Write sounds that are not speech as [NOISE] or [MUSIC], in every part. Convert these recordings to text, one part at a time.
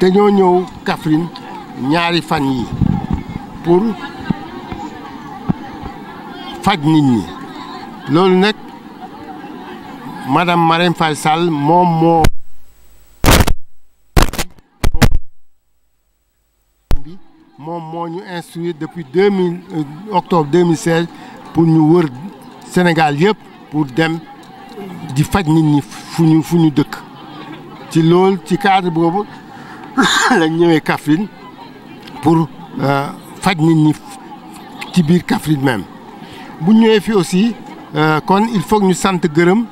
dañoo ñëw Kaffrine ñaari fan yi pour faj nit ñi loolu nag madame Marème Faye Sall moom moo bi moom moo ñu instruire depuis deux mille euh, octobre deux mille seize pour ñu wër Sénégal yëpp pour dem di faj nit ñi fu ñu fu ñu dëkk ci loolu ci cadre boobu [LAUGHS] lañ ñëwee Kaffrine pour euh, faj nit ñi ci biir Kaffrine même bu ñëwee fi aussi euh, kon il faut ñu sant gërëm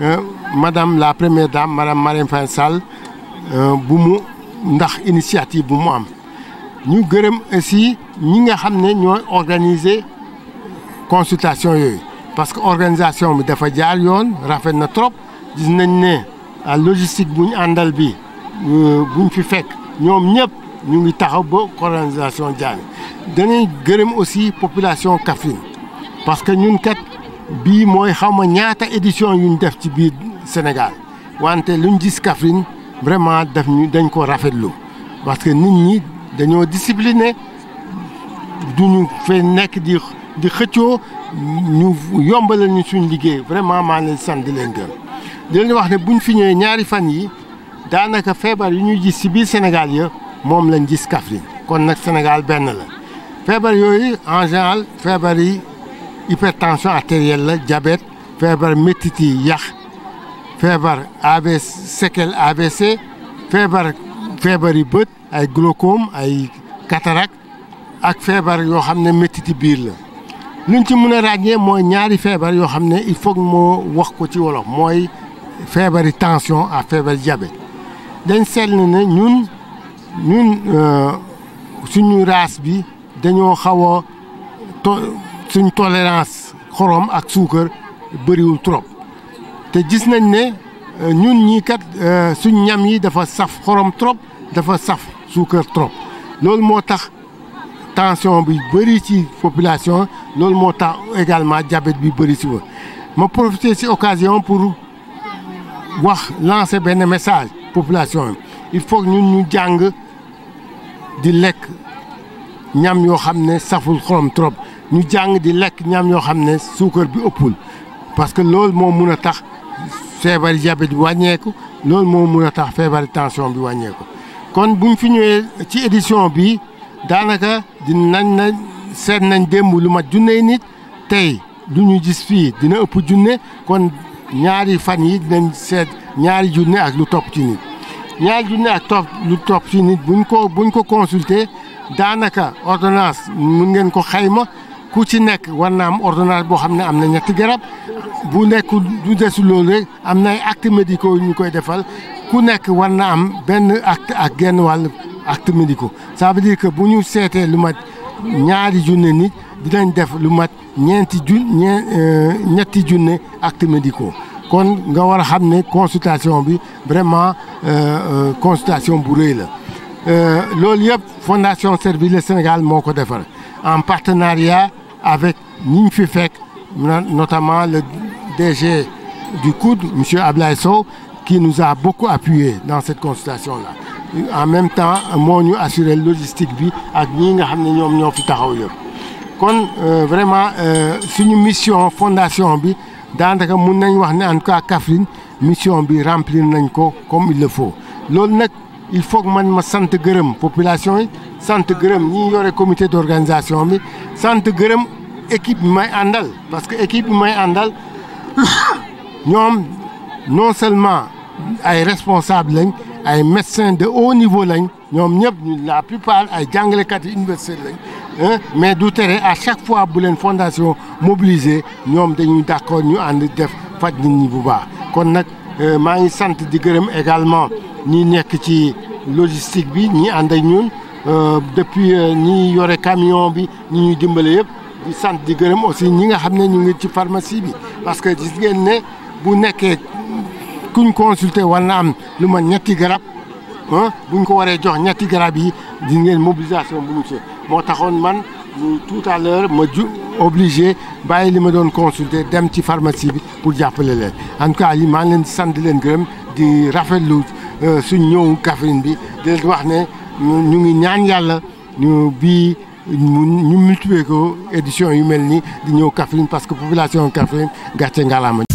euh, madame la première dame madame Marème Faye Sall bu mu ndax initiative bu mu am ñu gërëm aussi ñi nga xam ne ñooy organiser consultation yooyu parce que organisation bi dafa jaar yoon rafet na trop gis nañ ne logistique bu ñu àndal bi Euh, buñ fi fekk ñoom ñëpp ñu ngi taxaw ba colonisation Diané dañuy gërëm aussi population Kaffrine parce que ñun kat bii mooy xaw ma ñaata édition yu ñu def ci biir Sénégal wante luñ gis Kaffrine vraiment daf ñu dañ ko rafetlu parce que nit ñi dañoo discipliné duñu fay nekk di di xëccoo ñu yombale ñu suñ liggéey vraiment maa leen sant di leen gërëm di wax ne buñ fi ñëwee ñaari fan yi daanaka feebar yu ñu gis si biir Sénégal yëpp moom lañ gis Kaffrine kon nag Sénégal benn la feebar yooyu en général feebar yi hypertension artérielle la diabète feebar métit yi yax feebar AVC séquelle AVC feebar feebar yi bët ay glaucome ay cataracte ak feebar yoo xam ne métiti biir la luñ ci mën a ràññee mooy ñaari feebar yoo xam ne il faut moo wax ko ci wolof mooy feebar yi tension ak feebar diabète dañ seetlu ne ñun ñun euh, suñu race bi dañoo xawoo a suñ xorom ak suukar bëriwul trop te gis nañ ne euh, ñun ñii kat euh, suñ ñam yi dafa saf xorom trop dafa saf suukar trop loolu moo tax tension bi bëri ci population loolu moo tax également jabet bi bëri si wa ma profité si occasion pour wax lancer benn message population yi il faut ñun ñu jàng di lekk ñam yoo xam ne saful xorom trop ñu jàng di lekk ñam yoo xam ne suukar bi ëppul parce que loolu moo mun a tax feebari diabète bi wàññeeku loolu moo mun a tax feebari tension bi wàññeeku kon buñ fi ñëwee ci édition bi daanaka di nañ na seet nañ démb lu mat junney nit tey lu ñu gis fii dina ëpp junne kon ñaari fan yi dinañ seet ñaari junne ak lu topp ci nit ñaari junne ak topp lu topp ci nit buñ ko buñ ko consulter daanaka ordonnance mun ngeen ko xayma ku ci nekk war na am ordonnance boo xam ne am na ñetti garab bu nekk du desu loolu rek am na ay actes yu ñu koy defal ku nekk war na am benn acte ak genn wàll acte médicaux ça veut bu ñu seetee lu mat ñaari junne nit dinañ def lu mat ñeenti jun ñeenti euh, junne actes médicaux kon nga war a xam ne consultation bi vraiment euh, euh, consultation bu rëy la euh, loolu yëpp fondation Servir le Sénégal moo ko defar en partenariat avec ñi ñu fi fekk notamment le DG du COUD monsieur Ablaye Sow qui nous a beaucoup appuyé dans cette consultation la en même temps moo ñu assurer logistique bi ak ñii nga xam ne ñoom ñoo fi taxaw yëpp kon vraiment suñu mission fondation bi daanaka mun nañ wax ne en tout cas Kaffrine mission bi remplir nañ ko comme il le loolu nag il foog man ma sant gërëm population yi sant gërëm ñi yore comité d'organisation bi sant gërëm équipe bi may àndal parce que équipe bi may àndal [COUGHS] ñoom non seulement ay responsable lañ ay médecins de haut niveau lañ ñoom ñëpp ñu la plupart ay jàngalekat yi université lañ mais du tere à chaque fois buleen leen fondation mobilisé ñoom dañuy d'accord ñu ànd def faj nit ñi bu baax kon nag euh, maa ngi sant di gërëm également ñi nekk ci logistique bi ñi ànd ak ñun euh, depuis euh, ñi yore camion bi ñi ñuy dimbale yëpp di sant di gërëm aussi ñi nga xam ne ñu ngi ci pharmacie bi parce que gis ngeen ne bu nekkee kuñ consulter war na am lu ma ñetti garab buñ ko waree jox ñetti garab yi di ngeen mobilisation bu ñu moo taxoon man tout à l'heure ma ju obligé bàyyi li ma doon consulter dem ci pharmacie bi pour jàppale leen en tout cas yi maa ngi leen di di leen gërëm di rafetlu euh, suñ ñëw Kaffrine bi di leen wax ne ñu ngi ñaan yàlla ñu bii ñu multiplier ko édition yu mel nii di ñëw Kaffrine parce que population Kaffrine gàcce ngalaama